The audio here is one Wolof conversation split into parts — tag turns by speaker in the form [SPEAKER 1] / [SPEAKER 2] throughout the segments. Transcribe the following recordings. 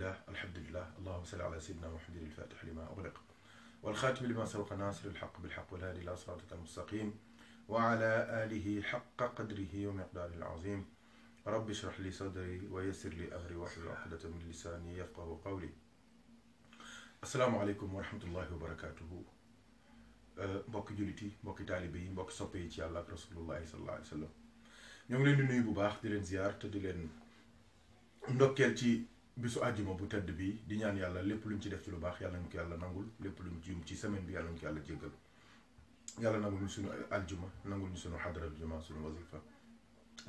[SPEAKER 1] لله الحمد لله اللهم صل على سيدنا محمد الفاتح لما أغلق والخاتم لما سبق ناصر الحق بالحق والهادي إلى صراط المستقيم وعلى آله حق قدره ومقداره العظيم رب اشرح لي صدري ويسر لي أمري واحلل عقدة من لساني يفقه قولي السلام عليكم ورحمة الله وبركاته mbokki jullit yi mbokki taalibe yi mbokki soppe ci yàlla ak rasulullahi sallallahu alayhi wa sallam ngi leen di nuyu bu baax di leen ziar te di leen ci bisu àjjuma bu tedd bi di ñaan yàlla lépp lu ñu ci def ci lu baax yàlla nañ ko yàlla nangul lépp luñ ci yum ci semaine bi yàlla nañ ko yàlla jéggal yàlla nangul ñu suñu aljuma nangul ñu suñu xadara juma suñu wazifa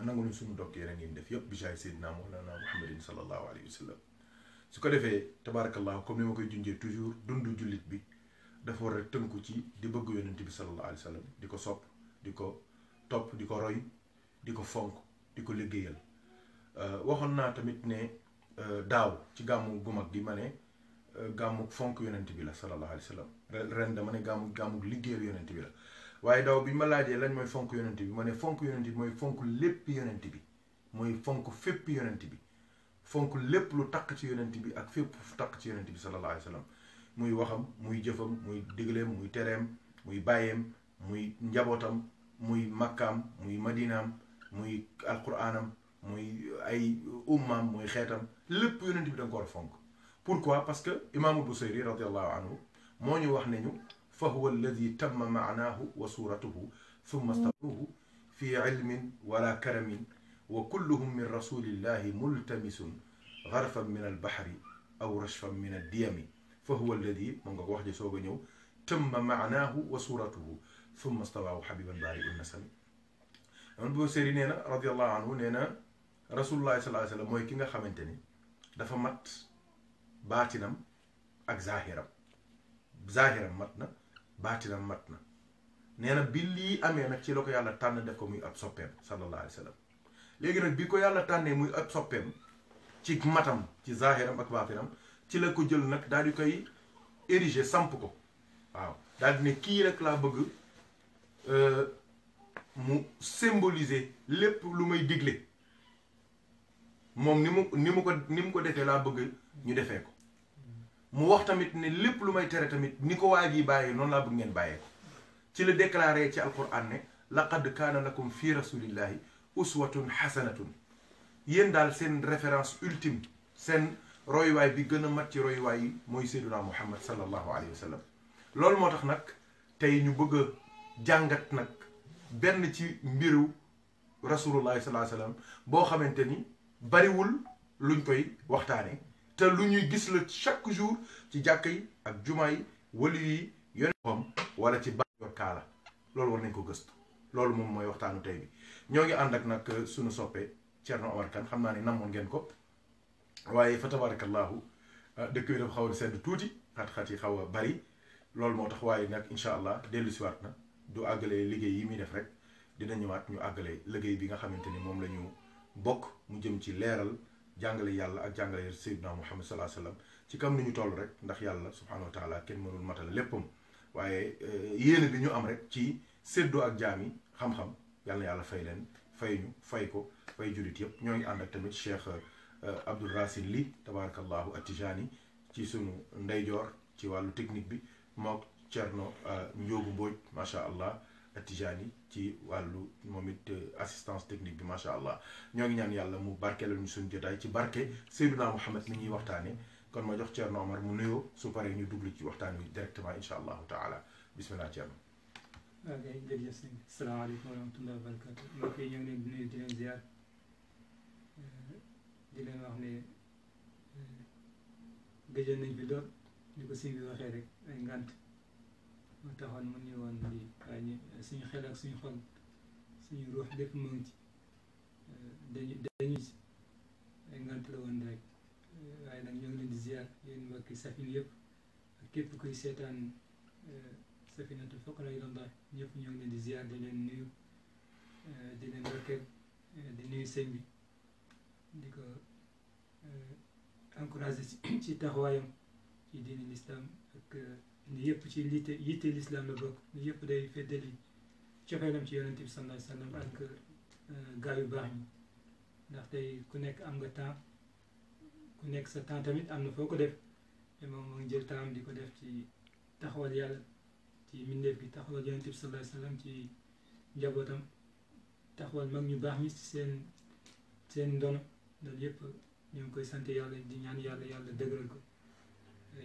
[SPEAKER 1] nangul ñu suñu dokk yeneen yi ñu def yépp bi jaay seydina mawlana muhammadin sallallahu alayhi wa sallam su ko defee tabaarakallahu comme ni ma koy junjee toujours dund jullit bi dafa war a tënku ci di bëgg yonent bi sallallahu alayhi wa di ko sopp di ko topp di ko roy ko fonk di ko liggéeyal euh, waxoon naa tamit ne Euh, daaw ci gàmmu gu mag gi ma ne euh, gàmmug fonk yonent bi la sallallahu alayhi wa sallam ren dama ne gàmmug gàmmug liggéeyal yonent bi la waaye daaw bi ma laajee lan mooy fonk yonent bi ma ne fonk yonent bi mooy fonk lépp yonent bi mooy fonk fépp yonent bi fonk lépp lu takk ci yonent bi ak fépp takk ci yonent bi sallallahu alayhi wa muy waxam muy jëfam muy digleem muy tereem muy bàyyeem muy njabootam muy makkaam muy madinaam muy alquraanam muy ay umam mooy xeetam lépp yonent bi da ko fonk pourquoi parce que imam Busayri radiallahu anhu moo ñu wax ne fa huwa alladi tamma ma'nahu wa suuratuhu summa stafahu fi ilmin wala karamin wa kulluhum min rasulillahi multamisun garfan min albahri aw rashfan min addiyami fa huwa alladi moom nga wax ji soog ñëw tamma ma'nahu wa suuratuhu summa stawaahu xabiban baari un nasami imaamu Busayri nee anhu nee rasulullah sallallahu alayhi mooy ki nga xamante ni dafa mat baatinam ak zahiram zahiram mat na baatinam mat na nee na bi lii amee nag ci la ko yàlla tànn def ko muy ab soppeem sallallahu alayhi wa léegi nag bi ko yàlla tànnee muy ab soppeem ci matam ci zahiram ak baatinam ci la ko jël nag daal di koy érigé samp ko waaw daal di ne kii nag laa bëgg euh, mu symboliser lépp lu may digle moom ni mu ni mu ko ni mu ko defee laa bëgg ñu defee ko mu wax tamit ne lépp lu may tere tamit ni ko waa ji bàyyee noonu laa bëgg ngeen bàyyee ko ci la déclaré ci alquran ne laqad kaana lakum fi rasulillahi uswatun hasanatun yéen daal seen référence ultime seen royuwaay bi gën a mat ci royuwaay yi mooy seyduna muhammad sallallahu alayhi wa sallam loolu moo tax nag tey ñu bëgg a jàngat nag benn ci mbiru rasulullahi sallallahu alayhi boo xamante ni bariwul luñ koy waxtaane te lu ñuy gis la chaque jour ci jàkk yi ak juma yi wali wala ci bàyyi kaala loolu war nañ ko gëstu loolu moom mooy waxtaanu tey bi ñoo ngi ànd ak nag euh, suñu soppee Thierno Omar Kane xam naa ne namoon ngeen ko waaye fa tabarakallahu euh, dëkk bi dafa xaw a sedd tuuti xat-xat yi xaw a bari loolu moo tax waaye nag incha allah dellu siwaat na du àggale liggéey yi muy def rek dina ñëwaat ñu àggale liggéey bi nga xamante ni moom la ñu bokk mu jëm ci leeral jàngale yàlla ak jàngale sayyidina muhammad salaa sallam ci kam ni ñu toll rek ndax yàlla subhanahu wa taala kenn mënul matal léppam waaye euh, yéene bi ñu am rek ci séddoo ak jaam yi xam-xam yàlla yàlla fay leen fay ñu fay ko fay julit yëpp ñoo ngi ànd ak tamit cheikh euh, abdul rasin li tabarakallahu atijani ci sunu ndeyjoor ci wàllu technique bi mook cerno euh, njóogu mbooj macha allah Tijani ci walu momit assistance technique bi macha allah ñoo ngi ñaan yàlla mu barké ñu suñu jotaay ci barke Seydina Mouhamed ni ñi waxtane kon ma jox Thierno Omar mu nuyo su paré ñu dugg ci waxtane wi directement insha allah taala bismillah Thierno.
[SPEAKER 2] waaw kay jërëjëf sëñ bi salaamaaleykum wa rahmatulah wa barakatu mbokk yi ñoo ngi di leen ziar di leen wax ne gëjoon nañ fi lool ni ko sëñ bi waxee rek ay ngant. mu taxoon mu ni woon lii waaye ñu suñu xel ak suñu xol suñu ruux lépp mu ngi ci euh, dañu la woon euh, nag ñoo ngi leen di ziar yéen mbokki safin yëpp képp kuy seetaan euh, safinatu foqra yi doon daal ñëpp ñoo ngi di ziar di leen nuyu di leen ndokkeel di nuyu sëñ bi di ci taxawaayam ci diini lislaam ne yëpp ci liite yitte lislaam la bokk ne yëpp day feddali cofeelam ci yonent bi sallallahu alayhi wasallam ak euh, gaa yu baax ñi ndax tey ku nekk am nga temps ku nekk sa temps tamit am na foo ko def te moom moo ngi jël di ko def ci taxawal yàlla ci mbindeef gi taxawal yonent bi sallallahu alayhi ci njabootam taxawal mag ñu baax ñi seen seen ndono loolu yëpp ñu ngi koy sant yàlla di ñaan yàlla yàlla dëgëral ko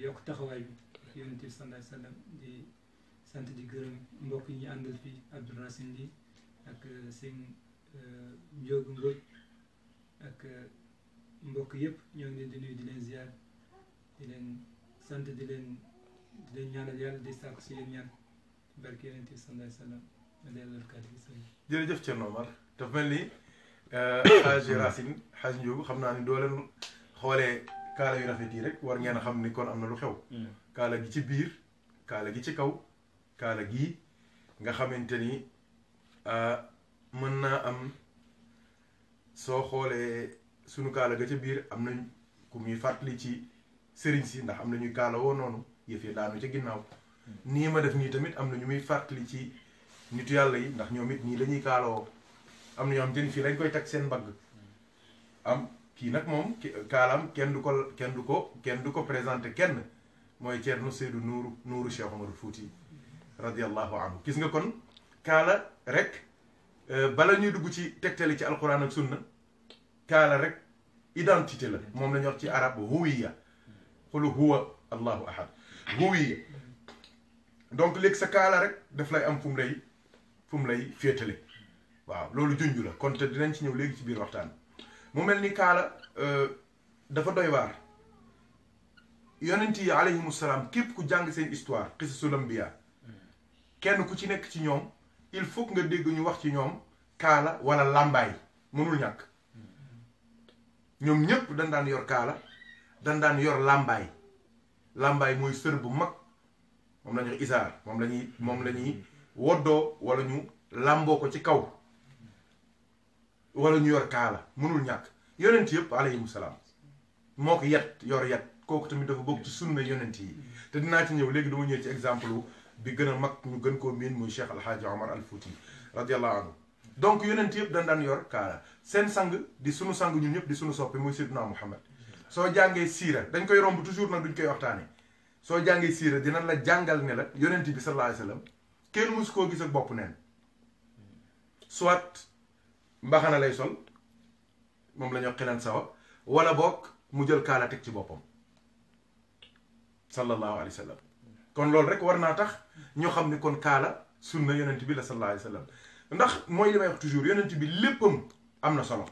[SPEAKER 2] yokk taxawaay bi yonent bi sallallahu alayhi di sant di gërëm mbokk yi ñu àndal fii Abdou Racine Ly ak euh, sëñ euh, Ndiogou Mbodj ak euh, mbokk yëpp ñoo ngi leen di nuyu di leen ziar di leen sant di leen di leen ñaanal yàlla di sàkk si yéen ñaan barke yonent bi sallallahu alayhi wa sallam
[SPEAKER 1] jërëjëf Thierno Omar dafa mel ni xaaj Racine xaaj Ndiogou xam naa ni doo leen xoolee kaara yu rafet yi rek war ngeen a xam ni kon am na lu xew mm. kaala gi ci biir kaala gi ci kaw kaala gi nga xamante ni mën naa am soo xoolee sunu kaala ga ci biir am nañ ku muy fàttali ci sëriñ si ndax am na ñuy kaala woo noonu yëf yi daanu ca ginnaaw hmm. nii ma def nii tamit am na ñu muy fàttali ci nitu yàlla yi ndax ñoom it nii lañuy kaala woo am na ñoo xam te ni fii lañ koy teg seen mbagg am kii nag moom kaalaam kenn du ko kenn du ko kenn du ko présenté kenn moy cierno Seydou Nourou Nourou Cheikh Omar Fouti radiallahu anhu gis nga kon kala rek bala ñuy dugg ci tekteli ci alquran ak sunna kala rek identité la mom lañ wax ci arab huwiya qul huwa allah ahad huwiya donc lek sa kala rek daf lay am fum lay fum lay féetale waaw lolu junj la kon te dinañ ci ñëw legi ci biir waxtaan mu melni kala euh dafa doy war yonent yi alayhimu salaam képp ku jàng seen histoire qisasul anbiya kenn ku ci nekk ci ñoom il faut nga dégg ñu wax ci ñoom kaala wala làmbaay mënul ñàkk ñoom ñépp dañ daan yor kaala dañ daan yor làmbaay làmbaay mooy sër bu mag moom la ñuy isaar moom la moom lañuy ñuy woddoo wala ñu làmboo ko ci kaw wala ñu yor kaala mënul ñàkk yonent yëpp alayhimu salaam moo ko yet yor yet koku tamit dafa bok ci sunna yonenti te dina ci ñew léegi dama ñew ci exemple bi gëna mak ñu gën ko min moy Cheikh Omar al radiyallahu anhu donc yonenti yeb dañ dan yor kala sen sang di sunu sang ñun ñep di sunu soppi moy sidna Muhammad so jangé sira dañ koy romb toujours nak duñ koy waxtaanee so jangé sira dina la jangal ne la yonenti bi sallallahu alayhi Wasallam. kenn mus ko gis ak bop neen soit mbaxana lay sol mom lañu ñuy xelan sawa wala bok mu jël kala tek ci bopam sallallahu alayhi wa sallam kon loolu rek war naa tax ñoo xam ni kon kaala sunna yonent bi la sallallahu alayhi wa sallam ndax mooy li may wax toujours yonent bi léppam am na solo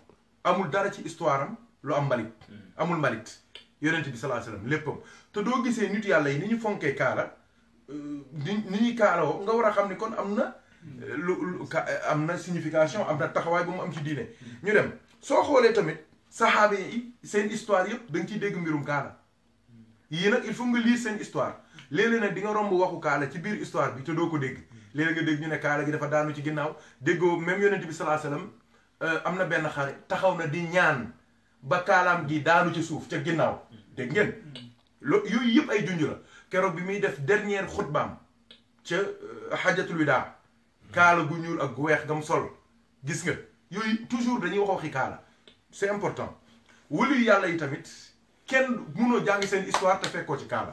[SPEAKER 1] amul dara ci histoire am lu am mbalit amul mbalit yonent bi sallallahu alayhi wa sallam léppam te doo gisee nit yàlla yi ni ñu fonkee kaala ni ñuy kaalawoo nga war a xam ni kon am na lu am na signification am na taxawaay bu mu am ci diine ñu dem soo xoolee tamit saxaabe yi seen histoire yëpp da nga ciy dégg mbirum kaala yii nag il faut nga lire seen histoire léeg-léeg nag di nga romb waxu kaala ci biir histoire bi te doo ko dégg léeg-léeg nga dégg ñu ne kaala gi dafa daanu ci ginnaaw déggoo même yonent bi salaa salaam euh, am na benn xare taxaw na di ñaan ba kaalaam gi daanu ci suuf ca ginnaaw dégg ngeen yooyu yëpp ay junj la keroog bi muy def dernière xutbaam ca xajatul euh, widaa kaala gu ñuul ak gu weex mu sol gis nga yooyu toujours dañuy wax waxi kaala c'est important wulu yàlla tamit kenn mënoo jàng seen histoire te fekkoo ci kaaba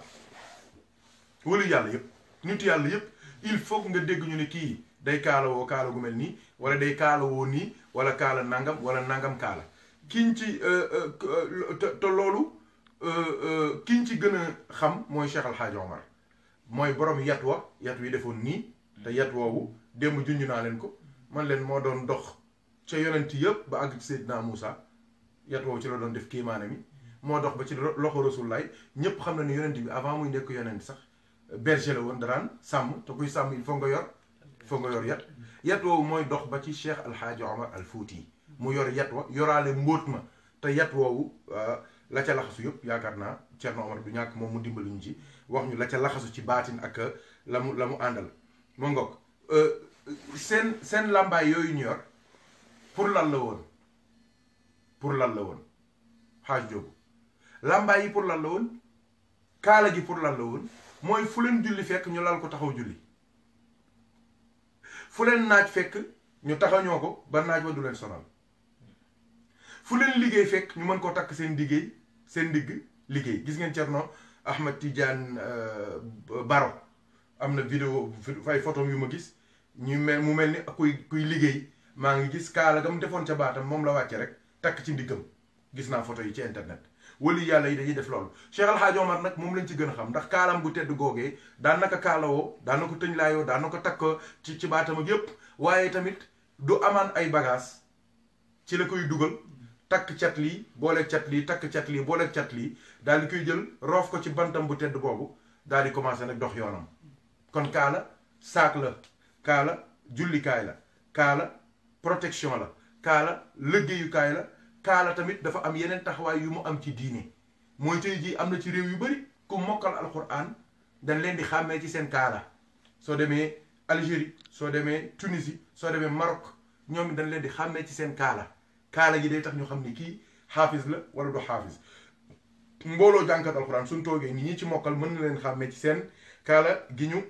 [SPEAKER 1] wala yàlla yëpp nit yàlla yëpp il faut nga dégg ñu ne kii day kaala woo kaala gu mel nii wala day kaala woo nii wala kaala nangam wala nangam kaala kiñ ci euh, euh, te loolu euh, kiñ ci gën a xam mooy Cheikh Al Hadj mooy borom yat wa yat wi defoon nii te yat woowu démb junj naa leen ko man leen moo doon dox ca yonent yëpp ba àgg ci naa musa yat woowu ci la doon def kéemaane mi moo dox ba ci loxo Rasulullaay ñëpp xam na ne yonent bi avant muy nekk yonent sax berger la woon daraan sàmm te kuy sàmm il faut nga yor foo nga yor yat yat woowu mooy dox ba ci Cheikh Alhaaji Omar mu yor yat wa yoraale ma te yat woowu euh, la ca laxasu yëpp yaakaar naa Thierno Omar du ñàkk moom mu dimbaluñ ci wax ñu la ca laxasu ci baatin ak euh, la mu la mu àndal moo ngoog euh, seen làmbaay yooyu ñu yor pour lan la woon pour lan la woon xaaj joobu làmbaay yi pour lan la woon kaala gi pour lan la woon mooy fu leen julli fekk ñu lal ko taxaw julli fu leen naaj fekk ñu taxañoo ko ba naaj wa du leen sonal fu leen liggéey fekk ñu mën koo takk seen liggéey seen ndigg liggéey gis ngeen Cerno Ahmed Tidiane euh, Baro am na vidéo fay photo yu ma gis ñu mel mu mel ni kuy kuy liggéey maa ngi gis kaala ga mu defoon ca baatam moom la wàcce rek takk ci ndiggam gis naa photo yi ci internet wali yàlla yi dañuy def loolu Cheikh Al Hadj nag moom lañ ci gën a xam ndax kaalam bu tedd googee daan naka kaalawoo daan na ko tëñ laayoo daan na ko takk ci ci baatam ak waaye tamit du amaan ay bagages ci la koy takk cat lii booleeg cat lii takk cat lii booleeg cat lii daal koy jël roof ko ci bantam bu tedd boobu daal di commencé nag dox yoonam kon kaala saak la kaala jullikaay la kaala protection la kaala liggéeyukaay la kaala tamit dafa am yeneen taxawaay yu mu am ci diine mooy tey jii am na ci réew yu bëri ku mokkal alquran dañ leen di xàmmee ci seen kaala soo demee Algérie soo demee Tunisie soo demee Maroc ñoom dañ leen di xàmmee ci seen kaala kaala gi day tax ñu xam ni kii xaafis la wala du xaafis mbooloo jànkat alquran toogee ñi ñi ci mokkal mën na leen xàmmee ci seen kaala gi ñu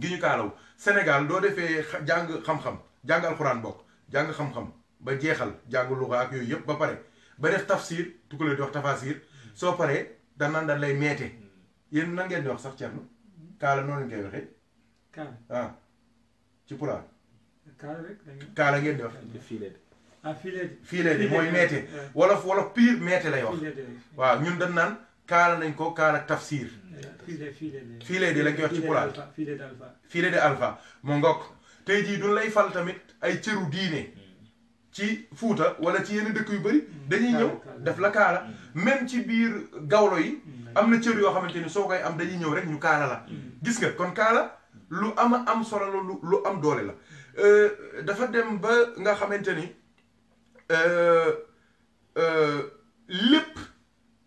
[SPEAKER 1] gi ñu kaalaw Sénégal doo defee jàng xam-xam jàng alquran bokk jàng xam-xam ba jeexal jàng luxa ak yooyu yëpp ba pare ba def tafsir tukkale di wax tafasir soo paree danaan da lay meete yéen na ngeen di wax sax Thierno kaala noonu ngeen koy waxee. Ah, kaala ngeen di wax.
[SPEAKER 2] ah fileede fileede mooy meete. wolof
[SPEAKER 1] wolof pire meete lay wax. waaw ñun dañ naan kaala nañ ko kaala tafsir.
[SPEAKER 2] fileede lañ koy wax ci pulaar. fileede alpha fileede
[SPEAKER 1] alpha mu ngokk tey jii duñ lay fal tamit ay cëru diine. ci Fuuta wala ci yenn dëkk yu bari mm. dañuy ñëw def la kaala mm. même ci biir gawlo yi mm. am na cër yoo xamante ni soo koy am dañuy ñëw rek ñu kaala la gis nga kon kaala lu am am solo la lu am doole la euh, dafa dem ba nga xamante ni euh, euh, lépp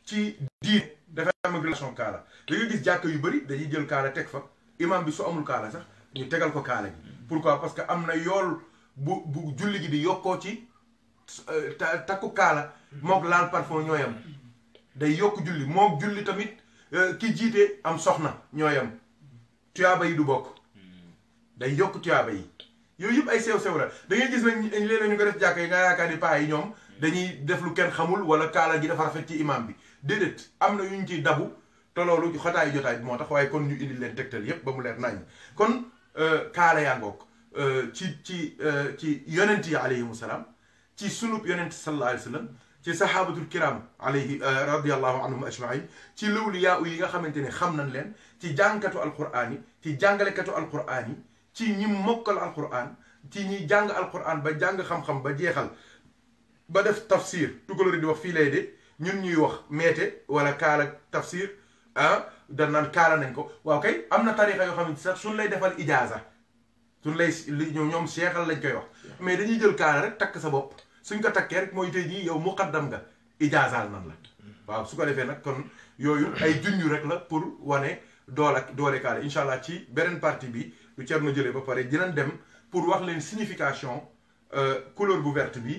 [SPEAKER 1] ci diine dafa am ak relation kaala da nga gis jàkk yu bari dañuy jël kaala teg fa imam bi su amul kaala sax ñu tegal ko kaala gi pourquoi parce que am na yool bu bu julli gi di yokkoo ci euh, takku kaala mook laal parfum ñooyam day yokk julli moo julli tamit euh, ki jiite am soxna ñooyam tuyaaba yi du bokk day yokk tuyaaba yi yooyu yëpp ay sew sew la da ngay gis nag léeg-léeg ñu ko def jàkk yi nga yaakaar ni paa yi ñoom dañuy def lu kenn xamul wala kaala gi dafa rafet ci imam bi déedéet am na yu ñu ciy dabu te loolu xataayu jotaay bi moo tax waaye kon ñu indi leen tegtal yépp ba mu leer nañ kon euh, kaala yaa ngoog ci ci ci yonent yi alayhimu salaam ci sunub yonent sallallahu alayhi wa sallam ci saxaabatul kiram alayhi radiallahu anhum ajmain ci lawliyaa yi nga xamante ne xam nañ leen ci jàngkatu alquraan yi ci jàngalekatu alquraan yi ci ñi mokkal alquraan ci ñi jàng alquraan ba jàng xam-xam ba jeexal ba def tafsir tugalori di wax fii lay de ñun ñuy wax meete wala kaala tafsir ah da naan kaala nañ ko waaw kay am na tarixa yoo xam ne sax suñ lay defal ijaaza suñ lay ñom seexal lañ koy wax mais dañuy jël kaala rek tak sa bop suñ ko takkee rek moy tey jii yow muqaddam nga ijaazaal nan la waaw su ko defee nak kon yoyu ay junj rek la pour wané dool ak doole kaala inshallah ci beneen partie bi lu ceer na jëlé ba paré dinañ dem pour wax leen signification euh couleur bu verte bi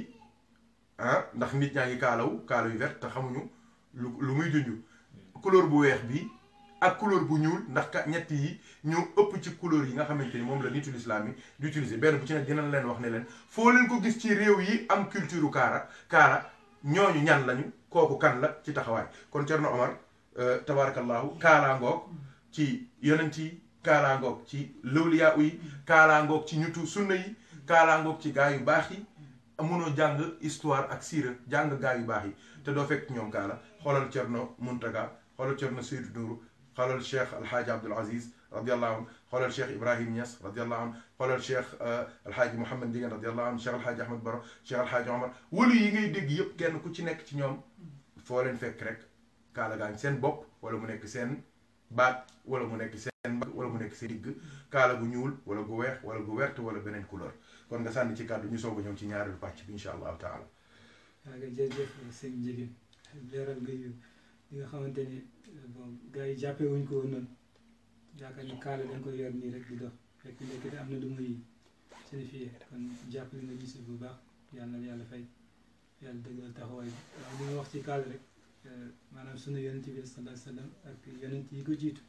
[SPEAKER 1] hein ndax nit ñaa ngi kaalaw kaala yu verte te xamuñu lu muy junj couleur bu weex bi ak couleur bu ñuul ndax ñett yi ñoo ëpp ci couleur yi nga xamante ni moom la nitu l'islam yi di utiliser benn bu ci nekk dinañ leen wax ne leen foo leen ko gis ci réew yi am culture kaara kaara ñooñu ñan lañu kooku kan la ci taxawaay kon Cerno Omar euh, tabarakallahu kaaraangoog ci yonent yi kaaraangoog ci lawliyaa yi kaaraangoog ci ñutu sunna yi kaaraangoog ci gaa yu baax yi mënoo jàng histoire ak siira jàng gaa yu baax yi te doo fekk ñoom kaala xoolal Cerno Muntaga xoolal Cerno Seydou Nourou قال للشيخ الحاج عبد العزيز رضي الله عنه قال الشيخ ابراهيم ياس رضي الله عنه قال الشيخ الحاج محمد ديان رضي الله عنه الشيخ الحاج احمد برو الشيخ الحاج عمر wala yi ngay dégg yëpp kenn ku ci nekk ci ñoom foo leen fekk rek kaala gaañ seen bopp wala mu nekk seen baat wala mu nekk seen mbagg wala mu nekk seen digg kaala gu ñuul wala gu weex wala gu wert wala beneen couleur kon nga sànni ci kàddu ñu soog a ñëw ci ñaareelu pàcc bi incha allahu taala.
[SPEAKER 2] waaw jërëjëf sëñ Jigéen leeral nga yóbbu li nga xamante ni euh, bon gars yi jàppee wuñ ko woon noonu ni kaala dañ koy yor nii rek di dox fekk nekk am na lu muy signifié kon jàppale nga gis bu baax yàlla na yàlla fay yàlla dëggal taxawaay bi li nga wax ci kaala rek euh, maanaam sunu yonent bi sallallahu alayhi wa sallam ak yonent yi ko jiitu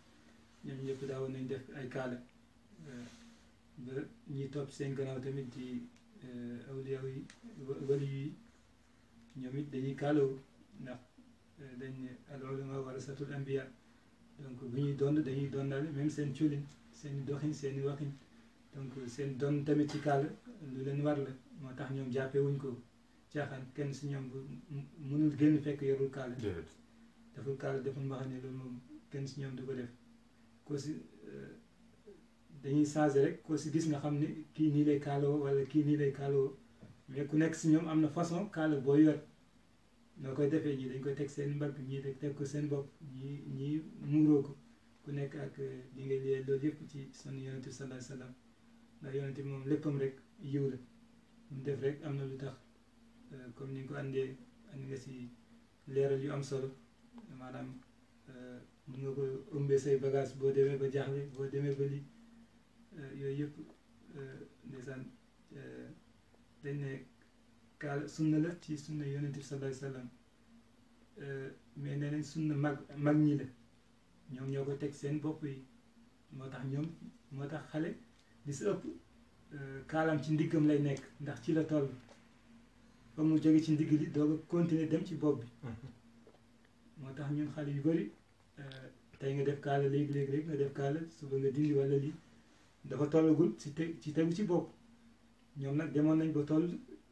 [SPEAKER 2] ñoom ñëpp daawoon nañ def ay kaala euh, ba ñi topp seen gannaaw tamit di awliya yi wali yi ñoom dañuy kaalawu ndax dañ ne al ulama anbiya donc bu ñuy dañuy même seen culin seen doxin seen donc seen don tamit ci kàll lu leen war la moo tax ñoom wuñ ko caaxaan kenn si ñoom mënul génn fekk yorul kàll deful kàll deful ne loolu moom si ñoom du ko def ko si rek si gis nga lay wala lay mais ku nekk si façon noo koy defee ñii dañ koy teg seen mbagg ñii teg ko seen bopp ñii ñii muuroo ko ku nekk ak euh, li nga lee loolu yëpp ci son yonent bi sallallahu alayhi wasallam ndax yonent moom léppam rek yiw la mu def rek am na lu tax euh, comme ni ko àndee ànd nga si leeral yu am solo maanaam euh, mun nga ko ëmbee say bagage boo demee ba jaaxle boo demee ba li yooyu yëpp ndeysaan dañ kaal sunna la ci sunna yonent bi sallallahu alayhi wasallam mais nee nañ sunna mag mag ñi la ñoom ñoo ko teg seen bopp yi moo tax ñoom moo tax xale li si ëpp kaalaam ci ndiggam lay nekk ndax ci la toll ba mu jóge ci ndigg li doog a continuer dem ci bopp bi moo tax ñun xale yu bëri tey nga def kaala léegi léegi léegi nga def kaala suba nga dindi wala lii dafa tollagul ci te ci tegu ci bopp ñoom nag demoon nañ ba toll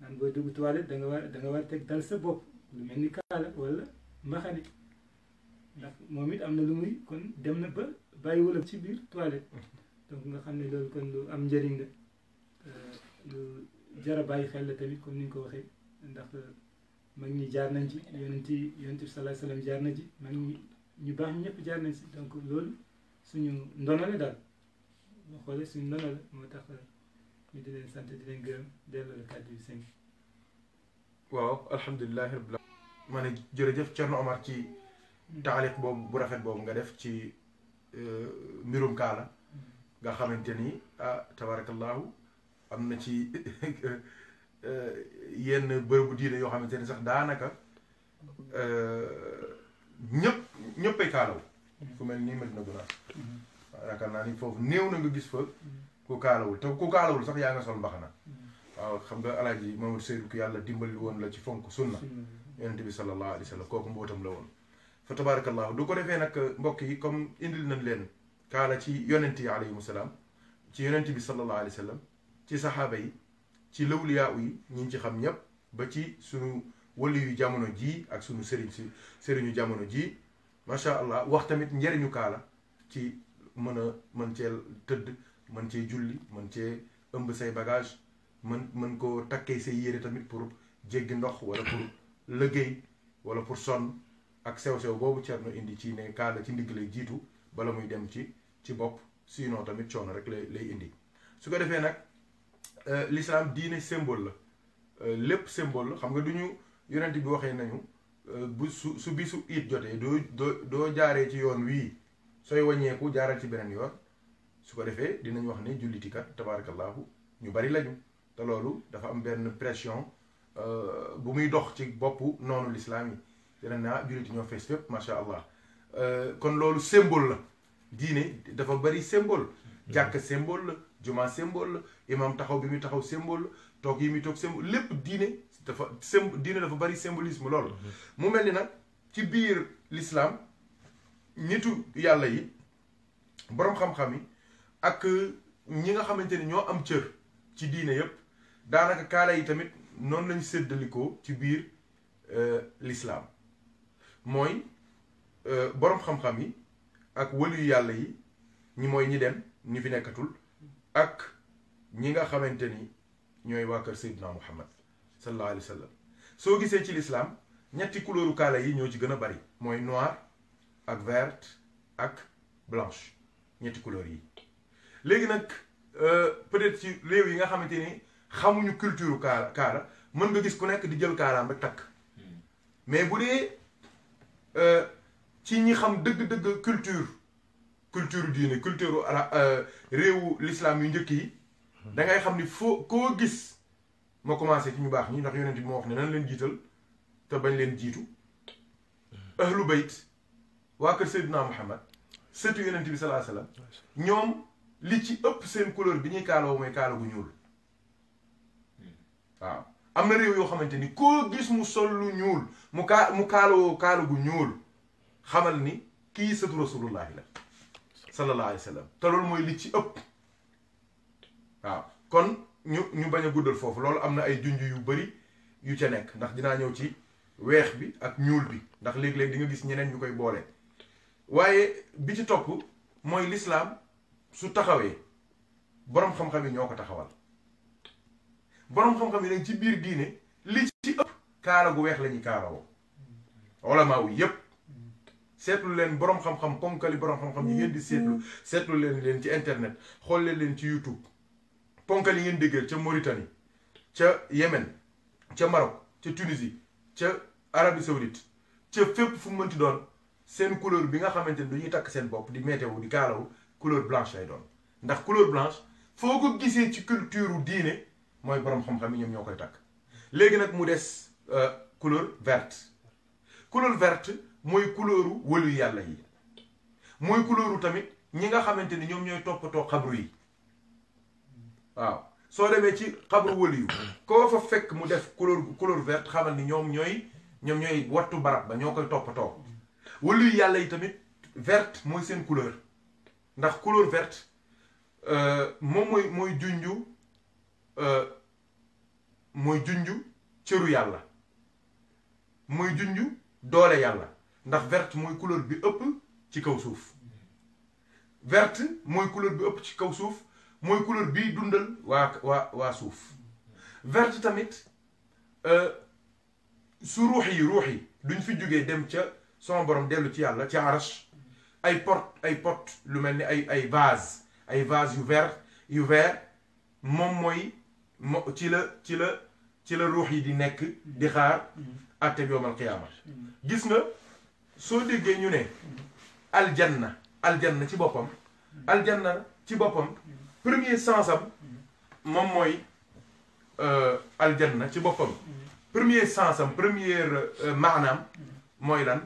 [SPEAKER 2] naan booy dugg toilette da nga war da war teg dal sa bopp lu mel ni kaala wala mbaxane ndax moom it am na lu muy kon dem na ba bàyyi wala ci biir toilette donc nga xam ne loolu kon lu am njëriñ la euh, lu jara bàyyi xel la tamit kon ni nga ko waxee ndax euh, mag ñi jaar nañ ci yonent yi yonent bi sallallahu alayhi wasallam jaar na ci mag ñi ñu baax ñëpp jaar nañ ci donc loolu suñu ndono la daal boo xoolee suñu ndono moo tax euh, يدين سنت يدين gërëm delloo la kàddu yu sëñ
[SPEAKER 1] waaw alhamdulilah rabbil ma ne jërëjëf Thierno Omar ci taaliq boobu bu rafet boobu nga def ci mbirum kaala nga xamante ni ah tabarakallahu am na ci yenn bërëbu diine yoo xamante ni sax daanaka ñëpp ñëppay kaalaw fu mel nii Medina Gounass yaakaar naa ni foofu néew na nga gis fa ku kaalawul te ku kaalawul sax yaa nga sol mbaxana hmm. waaw xam nga alaaji Mamadou Seydou ki yàlla dimbali woon la ci fonk sunna hmm. yonente bi sallallahu alayhi wa sallam kooku mbootam la woon fa tabarakallahu du ko defee nag mbokk yi comme indil nañ leen kaala ci yonent yi alayhim salaam ci yonent bi sallallahu alayhi wa sallam ci saxaaba yi ci lawliyaa yi ñi ngi ci xam ñëpp ba ci sunu wali yu jamono jii ak suñu sëriñ si sëriñu jamono jii macha allah wax tamit njëriñu kaala ci mën a mën ceel tëdd mën ci julli mën cee ëmb say bagage mën mën koo takkee say yére tamit pour jéggi ndox wala pour liggéey wala pour sonn ak sew-sew boobu Thierno indi ci ne kaala ci ndigg lay jiitu bala muy dem ci ci bopp sinon tamit coono rek lay indi su ko defee nag euh, l'islam diine symbole la euh, lépp symbole la xam nga du ñu yonent bi waxee nañu euh, bu su su bisu it jotee doo doo doo jaaree ci yoon wii sooy wàññeeku jaaral ci beneen yoon su ko defee dinañ wax ñu bari lañu dafa am pression euh, bu muy dox ci noonu lislaam yi dinañ naa ñoo fees fépp macha allah euh, kon symbole symbole. Hmm. juma symbole imam taxaw bi muy taxaw symbole la yi muy symbole dafa symbolisme loolu. Hmm. mu mel ni nitu yi ak ñi nga xamante ni ñoo am cër ci diine yépp daanaka kaala yi tamit noonu lañu séddalikoo ci biir euh, lislaam mooy euh, boroom xam-xam yi ak wëlu yàlla yi ñi mooy ñi dem ñi fi nekkatul ak ñi nga xamante ni ñooy waa kër Seydina Muhammad sallallahu soo gisee ci lislaam ñetti couleur kaala yi ñoo ci gën a bari mooy noir ak vert ak blanche ñetti couleur yi légui nak euh peut-être ci rew yi nga xamanteni xamuñu culture kaala mën nga gis ku nek di jël kaalaam ba tak mais boudé euh ci ñi xam deug deug culture culture diine culture euh rew l'islam yu ñëk yi da ngay xam ni foo koo gis ma commencé ci ñu bax ñi ndax yonent bi mo wax ni nan leen jital te bañ leen jitu ahlul bayt wa kër Seydina Muhammad sëtu yonent bi sallallahu alayhi wasallam ñoom li ci ëpp seen couleur bi ñuy kaaloo mooy kaala gu ñuul hmm. waaw am na réew yoo xamante ni koo gis mu sol lu ñuul mu kaa mu kaaloo kaala gu ñuul xamal ni kii sëtu rasulullahi la sallallahu alayhi te loolu mooy li ci ëpp waaw kon ñu ñu bañ a guddal foofu loolu am na ay junj yu bari yu ca nekk ndax dinaa ñëw ci weex bi ak ñuul bi ndax léeg-léeg di gis ñeneen ñu koy boole waaye bi ci topp mooy lislaam su taxawee boroom xam-xam yi ñoo ko taxawal boroom xam-xam yi nag ci biir diine li ci ëpp kaala gu weex la ñuy kaalawoo olamaa wu yépp seetlu leen boroom xam-xam ponkali boroom xam-xam yi ngeen di seetlu seetlu leen leen ci internet xool leen leen ci youtube ponkali ngeen déggal ca Mauritanie ca Yémen ca Maroc ca Tunisie ca Arabie Saoudite ca fépp fu mu mënti doon seen couleur bi nga xamante ni du ñuy takk seen bopp di météo di kaalawu couleur blanche lay doon ndax couleur blanche foo ko gisee ci culture diine mooy borom xam-xam yi ñoom ñoo koy takk léegi nag mu des euh, couleur verte couleur verte mooy couleuru wëlu yàlla yi mooy couleuru tamit ñi nga xamante ni ñoom ñooy toppatoo xabru yi waaw soo demee ci xabru wëlu yu koo fa fekk mu def couleur couleur verte xamal ni ñoom ñooy ñoom ñooy wattu barab ba ñoo koy toppatoo wëlu yàlla yi tamit verte mooy seen couleur ndax couleur vert euh, moom mooy mooy junju euh, mooy junju cëru yàlla mooy junju doole yàlla ndax vert mooy couleur bi ëpp ci kaw suuf vert mooy couleur bi ëpp ci kaw suuf mooy couleur bi dundal waa waa waa suuf verte tamit euh, su ruux yi ruux yi duñ fi jógee dem ca sama borom dellu ci yàlla ci arash ay porte ay porte lu melni ay ay vase ay vase yu vert yu vert moom vase le la ci la ci la yi di nek di xaar até vase qiyamah gis nga so vase ñu janna al janna ci ci premier sens am euh, al ci premier sens am vase euh,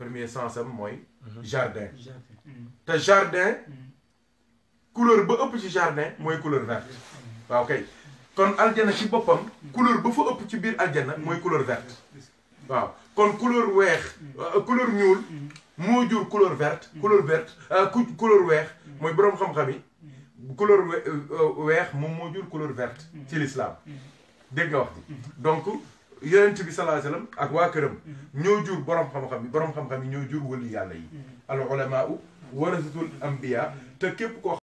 [SPEAKER 1] Le premier sens Mhm. jardin ta jardin mhm. Mhm. couleur ba ëpp ci jardin moy couleur verte Wa Ok. kon aljana ci bopam couleur ba fa ëpp ci biir aljana moy couleur verte Waouh. kon couleur wex, euh, couleur ñuul mo jur couleur verte couleur verte euh, couleur wex moy borom xam couleur wex mo mo jur couleur verte ci l'islam dégg wax di. donc yonent bi sallallahu alayhi wasallam ak waa këram mhm. ñoo jur borom xam-xam yi borom xam-xam yi ñoo jur wëli yàlla yi mhm. al ulamaa'u warasatul anbiya mhm. te képp koo